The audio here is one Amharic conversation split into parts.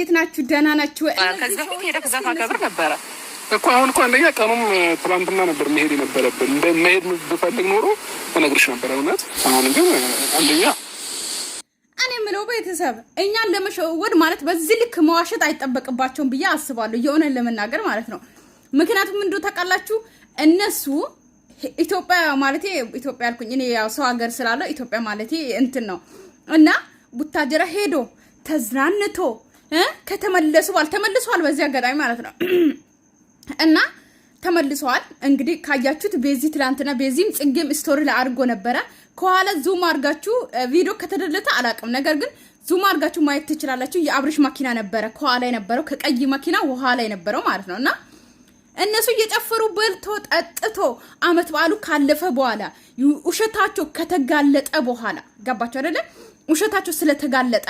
እንዴት ናችሁ? ደህና ናችሁ? ከዚህ በፊት ሄደ ከዛ ታከብር ነበረ እኮ አሁን እኮ አንደኛ ቀኑም ትላንትና ነበር መሄድ የነበረብን። እንደ መሄድ ብፈልግ ኖሮ እነግርሽ ነበር እውነት። አሁን ግን አንደኛ እኔ የምለው ቤተሰብ እኛን ለመሸወድ ማለት በዚህ ልክ መዋሸት አይጠበቅባቸውም ብዬ አስባለሁ፣ የሆነን ለመናገር ማለት ነው። ምክንያቱም እንዶ ታውቃላችሁ እነሱ ኢትዮጵያ ማለቴ ኢትዮጵያ ያልኩኝ እኔ ያው ሰው ሀገር ስላለው ኢትዮጵያ ማለቴ እንትን ነው እና ቡታጀራ ሄዶ ተዝናንቶ ከተመለሱ በኋላ ተመልሰዋል፣ በዚህ አጋጣሚ ማለት ነው እና ተመልሰዋል። እንግዲህ ካያችሁት ቤዚ ትላንትና ቤዚም ጽጌም ስቶሪ ላይ አድርጎ ነበረ። ከኋላ ዙም አድርጋችሁ ቪዲዮ ከተደለተ አላውቅም፣ ነገር ግን ዙም አድርጋችሁ ማየት ትችላላችሁ። የአብርሽ መኪና ነበረ ከኋላ የነበረው ከቀይ መኪና ውሃ ላይ ነበረው ማለት ነው እና እነሱ እየጨፈሩ በልቶ ጠጥቶ አመት በዓሉ ካለፈ በኋላ ውሸታቸው ከተጋለጠ በኋላ ገባቸው አይደለ? ውሸታቸው ስለተጋለጠ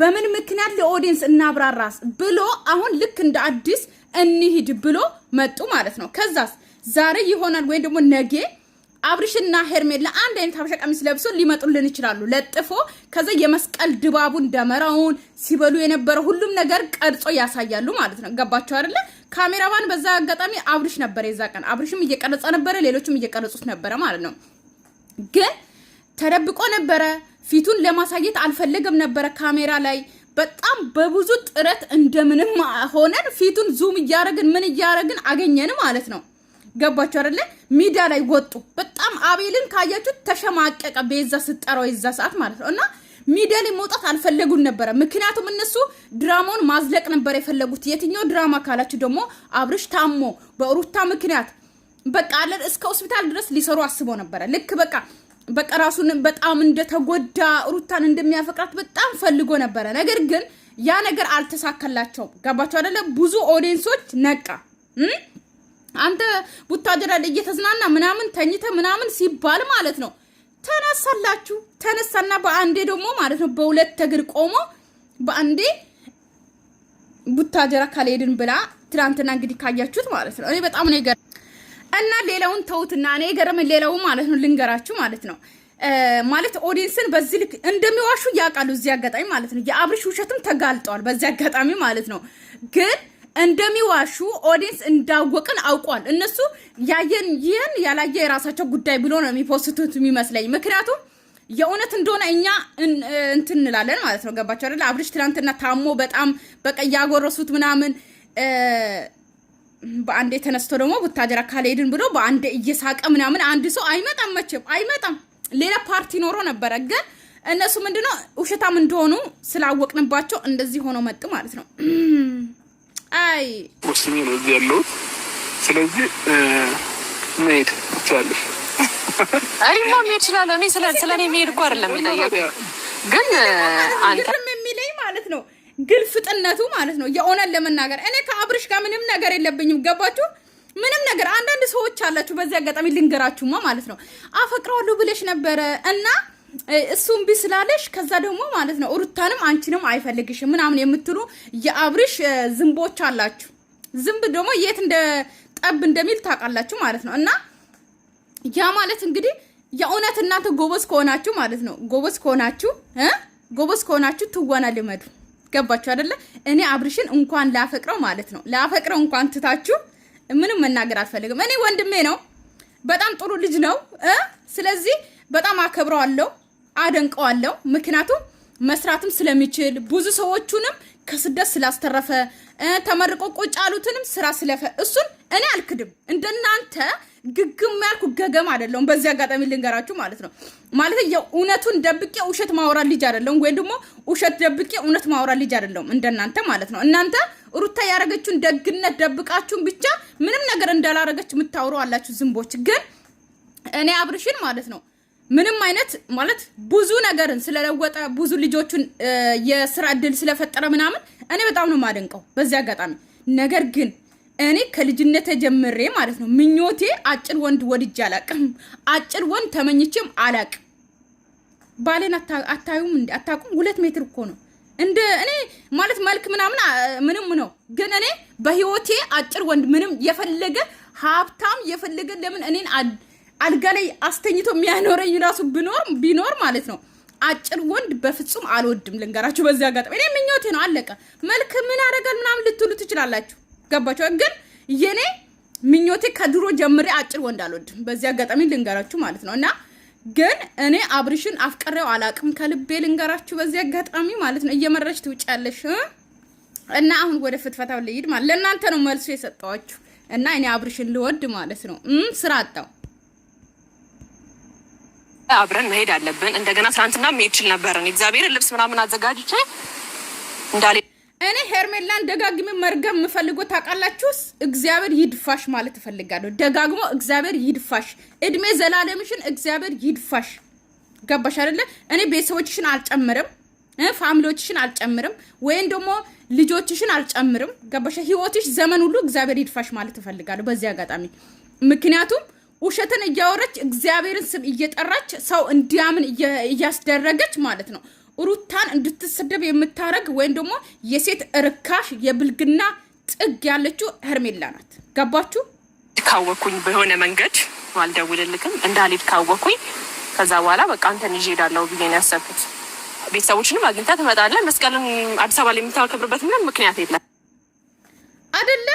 በምን ምክንያት ለኦዲየንስ እናብራራስ ብሎ አሁን ልክ እንደ አዲስ እንሂድ ብሎ መጡ ማለት ነው። ከዛስ ዛሬ ይሆናል ወይም ደግሞ ነጌ አብርሽና ሄርሜላ አንድ አይነት ሀበሻ ቀሚስ ለብሶ ሊመጡልን ይችላሉ። ለጥፎ ከዛ የመስቀል ድባቡን ደመራውን ሲበሉ የነበረ ሁሉም ነገር ቀርጾ ያሳያሉ ማለት ነው። ገባቸው አይደለ? ካሜራማን በዛ አጋጣሚ አብርሽ ነበረ። የዛ ቀን አብርሽም እየቀረጸ ነበረ፣ ሌሎችም እየቀረጹት ነበረ ማለት ነው። ግን ተደብቆ ነበረ ፊቱን ለማሳየት አልፈለገም ነበረ ካሜራ ላይ። በጣም በብዙ ጥረት እንደምንም ሆነን ፊቱን ዙም እያደረግን ምን እያደረግን አገኘን ማለት ነው። ገባችሁ አይደለ? ሚዲያ ላይ ወጡ። በጣም አቤልን ካያችሁት ተሸማቀቀ፣ ቤዛ ስጠራው የዛ ሰዓት ማለት ነው። እና ሚዲያ ላይ መውጣት አልፈለጉን ነበረ። ምክንያቱም እነሱ ድራማውን ማዝለቅ ነበር የፈለጉት። የትኛው ድራማ ካላችሁ ደግሞ አብርሽ ታሞ በሩታ ምክንያት በቃ አለን እስከ ሆስፒታል ድረስ ሊሰሩ አስበው ነበረ። ልክ በቃ በቃ ራሱን በጣም እንደተጎዳ ሩታን እንደሚያፈቅራት በጣም ፈልጎ ነበረ። ነገር ግን ያ ነገር አልተሳካላቸውም። ገባቸው አደለ? ብዙ ኦዲንሶች ነቃ። አንተ ቡታጀራ እየተዝናና ምናምን ተኝተ ምናምን ሲባል ማለት ነው ተነሳላችሁ። ተነሳና በአንዴ ደግሞ ማለት ነው በሁለት እግር ቆሞ በአንዴ ቡታጀራ ካልሄድን ብላ ትናንትና እንግዲህ ካያችሁት ማለት ነው እኔ በጣም ነው እና ሌላውን ተውትና እኔ የገረመን ሌላው ማለት ነው ልንገራችሁ ማለት ነው ማለት ኦዲንስን በዚህ ልክ እንደሚዋሹ ያውቃሉ። እዚህ አጋጣሚ ማለት ነው የአብርሽ ውሸትም ተጋልጧል። በዚህ አጋጣሚ ማለት ነው ግን እንደሚዋሹ ኦዲንስ እንዳወቅን አውቋል። እነሱ ያየን ይህን ያላየ የራሳቸው ጉዳይ ብሎ ነው የሚፖስቱት የሚመስለኝ። ምክንያቱም የእውነት እንደሆነ እኛ እንትን እንላለን ማለት ነው። ገባቸው አይደለ? አብርሽ ትናንትና ታሞ በጣም በቃ እያጎረሱት ምናምን በአንዴ ተነስቶ ደግሞ ቡታጀራ ካልሄድን ብሎ በአንዴ እየሳቀ ምናምን አንድ ሰው አይመጣም፣ መቼም አይመጣም። ሌላ ፓርቲ ኖሮ ነበረ፣ ግን እነሱ ምንድነው ውሸታም እንደሆኑ ስላወቅንባቸው እንደዚህ ሆኖ መጡ ማለት ነው። አይ ሙስሊም ነው ያለው። ስለዚህ መሄድ ትችላለሽ። እኔማ መሄድ እችላለሁ። እኔ ስለ እኔ መሄድ እኮ አይደለም ግን አንተ ግልፍጥነቱ ማለት ነው። የእውነት ለመናገር እኔ ከአብርሽ ጋር ምንም ነገር የለብኝም። ገባችሁ? ምንም ነገር አንዳንድ ሰዎች አላችሁ። በዚህ አጋጣሚ ልንገራችሁማ ማለት ነው አፈቅረዋለሁ ብለሽ ነበረ እና እሱም ቢስላለሽ ከዛ ደግሞ ማለት ነው ሩታንም አንቺንም አይፈልግሽም ምናምን የምትሉ የአብርሽ ዝንቦች አላችሁ። ዝንብ ደግሞ የት እንደ ጠብ እንደሚል ታውቃላችሁ ማለት ነው እና ያ ማለት እንግዲህ የእውነት እናንተ ጎበዝ ከሆናችሁ ማለት ነው ጎበዝ ከሆናችሁ ጎበዝ ከሆናችሁ ትወና ልመዱ ገባችሁ አይደለ? እኔ አብርሽን እንኳን ላፈቅረው ማለት ነው ላፈቅረው እንኳን ትታችሁ ምንም መናገር አልፈልግም። እኔ ወንድሜ ነው፣ በጣም ጥሩ ልጅ ነው። ስለዚህ በጣም አከብረዋለሁ፣ አደንቀዋለሁ። ምክንያቱም መስራትም ስለሚችል ብዙ ሰዎቹንም ከስደት ስላስተረፈ ተመርቆ ቁጭ አሉትንም ስራ ስለፈ እሱን እኔ አልክድም። እንደናንተ ግግም ያልኩ ገገም አይደለሁም። በዚህ አጋጣሚ ልንገራችሁ ማለት ነው ማለት የእውነቱን ደብቄ ውሸት ማውራ ልጅ አይደለሁም፣ ወይም ደግሞ ውሸት ደብቄ እውነት ማውራ ልጅ አይደለሁም። እንደናንተ ማለት ነው። እናንተ ሩታ ያደረገችውን ደግነት ደብቃችሁን ብቻ ምንም ነገር እንዳላረገች የምታውሩ አላችሁ ዝንቦች። ግን እኔ አብርሽን ማለት ነው ምንም አይነት ማለት ብዙ ነገርን ስለለወጠ ብዙ ልጆቹን የስራ እድል ስለፈጠረ ምናምን እኔ በጣም ነው የማደንቀው በዚህ አጋጣሚ። ነገር ግን እኔ ከልጅነት ተጀምሬ ማለት ነው ምኞቴ አጭር ወንድ ወድጄ አላቅም። አጭር ወንድ ተመኝቼም አላቅም። ባሌን አታዩም እንዲ አታቁም። ሁለት ሜትር እኮ ነው እንደ እኔ ማለት መልክ ምናምን ምንም ነው። ግን እኔ በህይወቴ አጭር ወንድ ምንም የፈለገ ሀብታም የፈለገ ለምን እኔን አልጋ ላይ አስተኝቶ የሚያኖረኝ ራሱ ብኖር ቢኖር ማለት ነው። አጭር ወንድ በፍጹም አልወድም። ልንገራችሁ በዚህ አጋጣሚ እኔ ምኞቴ ነው። አለቀ። መልክ ምን አደርጋል ምናምን ልትሉ ትችላላችሁ። ገባችሁ? ግን የኔ ምኞቴ ከድሮ ጀምሬ አጭር ወንድ አልወድም። በዚህ አጋጣሚ ልንገራችሁ ማለት ነው እና ግን እኔ አብርሽን አፍቅሬው አላቅም። ከልቤ ልንገራችሁ በዚህ አጋጣሚ ማለት ነው። እየመረች ትውጫለሽ እና አሁን ወደ ፍትፈታው ልሂድ ማለት ለእናንተ ነው መልሱ የሰጠዋችሁ እና እኔ አብርሽን ልወድ ማለት ነው ስራ አጣው አብረን መሄድ አለብን። እንደገና ትናንትና ሚችል ነበርን። እግዚአብሔር ልብስ ምናምን አዘጋጅቼ እንዳለ እኔ ሄርሜላን ደጋግሜ መርገም የምፈልጎ ታውቃላችሁስ? እግዚአብሔር ይድፋሽ ማለት እፈልጋለሁ። ደጋግሞ እግዚአብሔር ይድፋሽ፣ እድሜ ዘላለምሽን እግዚአብሔር ይድፋሽ። ገባሽ አይደለ? እኔ ቤተሰቦችሽን አልጨምርም፣ ፋሚሊዎችሽን አልጨምርም፣ ወይም ደግሞ ልጆችሽን አልጨምርም። ገባሽ? ህይወትሽ ዘመን ሁሉ እግዚአብሔር ይድፋሽ ማለት እፈልጋለሁ በዚህ አጋጣሚ ምክንያቱም ውሸትን እያወረች እግዚአብሔርን ስም እየጠራች ሰው እንዲያምን እያስደረገች ማለት ነው። ሩታን እንድትሰደብ የምታደረግ ወይም ደግሞ የሴት ርካሽ የብልግና ጥግ ያለችው ሄርሜላ ናት። ገባችሁ? ካወኩኝ በሆነ መንገድ አልደውልልክም እንዳልሄድ ካወኩኝ ከዛ በኋላ በቃ አንተን ይዤ እሄዳለሁ ብዬ ነው ያሰብኩት። ቤተሰቦችንም አግኝታ ትመጣለህ። መስቀልን አዲስ አበባ ላይ የምታከብርበት ምንም ምክንያት የለም። አደለ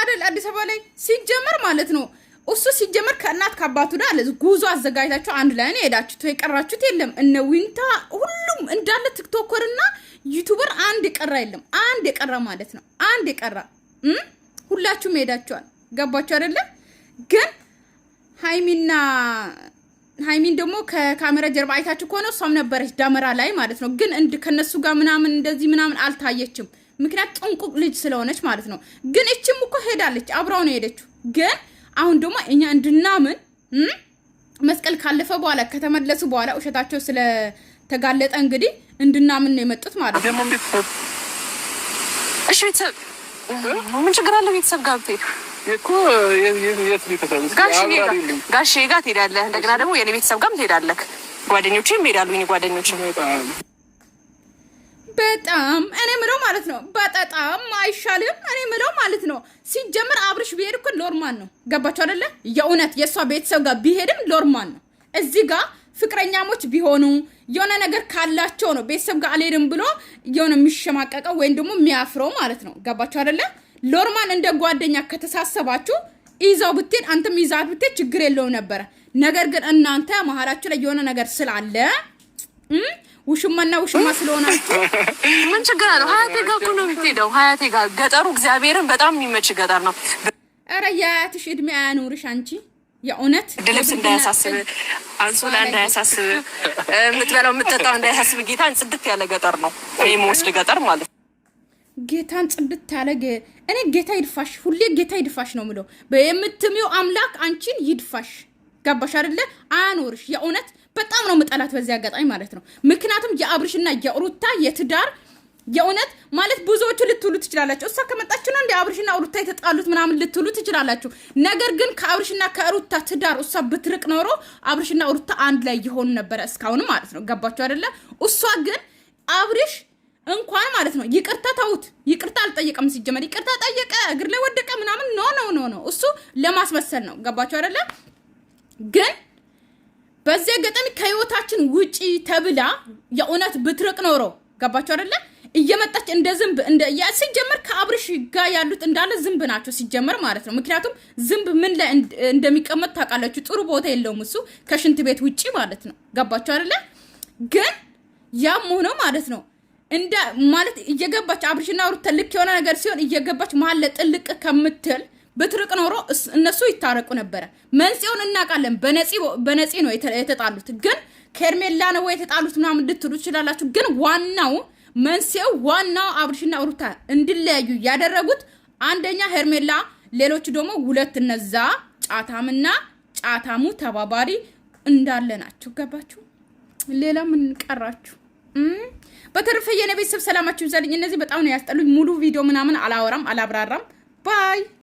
አደል አዲስ አበባ ላይ ሲጀመር ማለት ነው እሱ ሲጀመር ከእናት ከአባቱ ዳለ ጉዞ አዘጋጅታችሁ አንድ ላይ ነው ሄዳችሁት። የቀራችሁት የለም። እነ ዊንታ ሁሉም እንዳለ ቲክቶከርና ዩቱበር አንድ የቀራ የለም። አንድ የቀራ ማለት ነው። አንድ የቀራ ሁላችሁም ሄዳችኋል። ገባችሁ አይደለም? ግን ሀይሚና ሀይሚን ደግሞ ከካሜራ ጀርባ አይታችሁ ከሆነ እሷም ነበረች ዳመራ ላይ ማለት ነው። ግን እንድ ከነሱ ጋር ምናምን እንደዚህ ምናምን አልታየችም። ምክንያት ጥንቁቅ ልጅ ስለሆነች ማለት ነው። ግን እችም እኮ ሄዳለች፣ አብራው ነው ሄደችው ግን አሁን ደግሞ እኛ እንድናምን መስቀል ካለፈ በኋላ ከተመለሱ በኋላ ውሸታቸው ስለተጋለጠ እንግዲህ እንድናምን ነው የመጡት ማለት ነው። እሺ ቤተሰብ ምን ችግር አለ? ቤተሰብ ጋር ብትሄድ ጋሼ ጋር ትሄዳለህ። እንደገና ደግሞ የኔ ቤተሰብ ጋርም ትሄዳለህ። ጓደኞቼም ይሄዳሉ። ጓደኞቼ በጣም እኔ ምለው ማለት ነው። በጣም አይሻልም? እኔ ምለው ማለት ነው። ሲጀምር አብርሽ ቢሄድ እኮ ሎርማን ነው። ገባችሁ አደለ? የእውነት የእሷ ቤተሰብ ጋር ቢሄድም ሎርማን ነው። እዚህ ጋር ፍቅረኛሞች ቢሆኑ የሆነ ነገር ካላቸው ነው ቤተሰብ ጋር አልሄድም ብሎ የሆነ የሚሸማቀቀው ወይም ደግሞ የሚያፍረው ማለት ነው። ገባችሁ አደለ? ሎርማን እንደ ጓደኛ ከተሳሰባችሁ ይዛው ብትሄድ አንተም ይዛት ብትሄድ ችግር የለውም ነበረ። ነገር ግን እናንተ መሀላችሁ ላይ የሆነ ነገር ስላለ ውሽማና ውሽማ ስለሆናቸው ምን ችግር አለው? ሀያቴ ጋር እኮ ነው የምትሄደው። ሀያቴ ጋር ገጠሩ እግዚአብሔርን በጣም የሚመች ገጠር ነው። ኧረ የአያትሽ እድሜ አያኑርሽ አንቺ የእውነት ልብስ እንዳያሳስብ፣ አንሶላ እንዳያሳስብ፣ የምትበላው የምትጠጣው እንዳያሳስብ። ጌታን ጽድት ያለ ገጠር ነው የምወስድ ገጠር ማለት ጌታን ጽድት ያለ እኔ ጌታ ይድፋሽ፣ ሁሌ ጌታ ይድፋሽ ነው ምለው። የምትሚው አምላክ አንቺን ይድፋሽ። ገባሽ አይደለ? አያኖርሽ የእውነት በጣም ነው ምጠላት በዚህ አጋጣሚ ማለት ነው። ምክንያቱም የአብርሽና የሩታ የትዳር የእውነት ማለት ብዙዎቹ ልትውሉ ትችላላችሁ። እሷ ከመጣችሁ ነው እንደ አብርሽና ሩታ የተጣሉት ምናምን ልትውሉ ትችላላችሁ። ነገር ግን ከአብርሽና ከሩታ ትዳር እሷ ብትርቅ ኖሮ አብርሽና ሩታ አንድ ላይ የሆኑ ነበረ እስካሁን ማለት ነው። ገባችሁ አይደለ? እሷ ግን አብርሽ እንኳን ማለት ነው ይቅርታ ተውት፣ ይቅርታ አልጠየቀም። ሲጀመር ይቅርታ ጠየቀ እግር ላይ ወደቀ ምናምን ኖ ኖ ኖ ነው እሱ ለማስመሰል ነው። ገባችሁ አይደለ? ግን በዚያ ገጠን ከህይወታችን ውጪ ተብላ የእውነት ብትርቅ ኖሮ ገባችሁ አደለ? እየመጣች እንደ ዝንብ ሲጀመር ከአብርሽ ጋር ያሉት እንዳለ ዝንብ ናቸው ሲጀመር ማለት ነው። ምክንያቱም ዝንብ ምን ላይ እንደሚቀመጥ ታውቃላችሁ። ጥሩ ቦታ የለውም እሱ ከሽንት ቤት ውጪ ማለት ነው። ገባችሁ አደለ? ግን ያም ሆኖ ማለት ነው እንደ ማለት እየገባች አብርሽና ሩታ ልክ የሆነ ነገር ሲሆን እየገባች መሀል ለጥልቅ ከምትል ብትርቅ ኖሮ እነሱ ይታረቁ ነበረ። መንስኤውን እናውቃለን። በነፂ ነው የተጣሉት። ግን ከርሜላ ነው የተጣሉት ምናምን ልትሉ ትችላላችሁ። ግን ዋናው መንስኤው ዋናው አብርሽና ሩታ እንዲለያዩ ያደረጉት አንደኛ ሄርሜላ፣ ሌሎቹ ደግሞ ሁለት እነዛ ጫታምና ጫታሙ ተባባሪ እንዳለ ናቸው። ገባችሁ? ሌላ ምን ቀራችሁ? በተረፈ የኔ ቤተሰብ ሰላማችሁ ይብዛልኝ። እነዚህ በጣም ነው ያስጠሉኝ። ሙሉ ቪዲዮ ምናምን አላወራም አላብራራም። ባይ